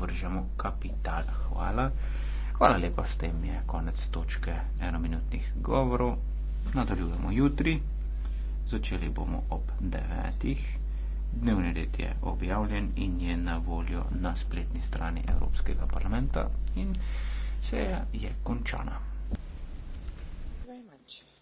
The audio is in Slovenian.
vržemo kapital. Hvala. Hvala lepa, s tem je konec točke enominutnih govorov. Nadaljujemo jutri. Začeli bomo ob 9. Dnevni red je objavljen in je na voljo na spletni strani Evropskega parlamenta in seja je končana. Thank you very much.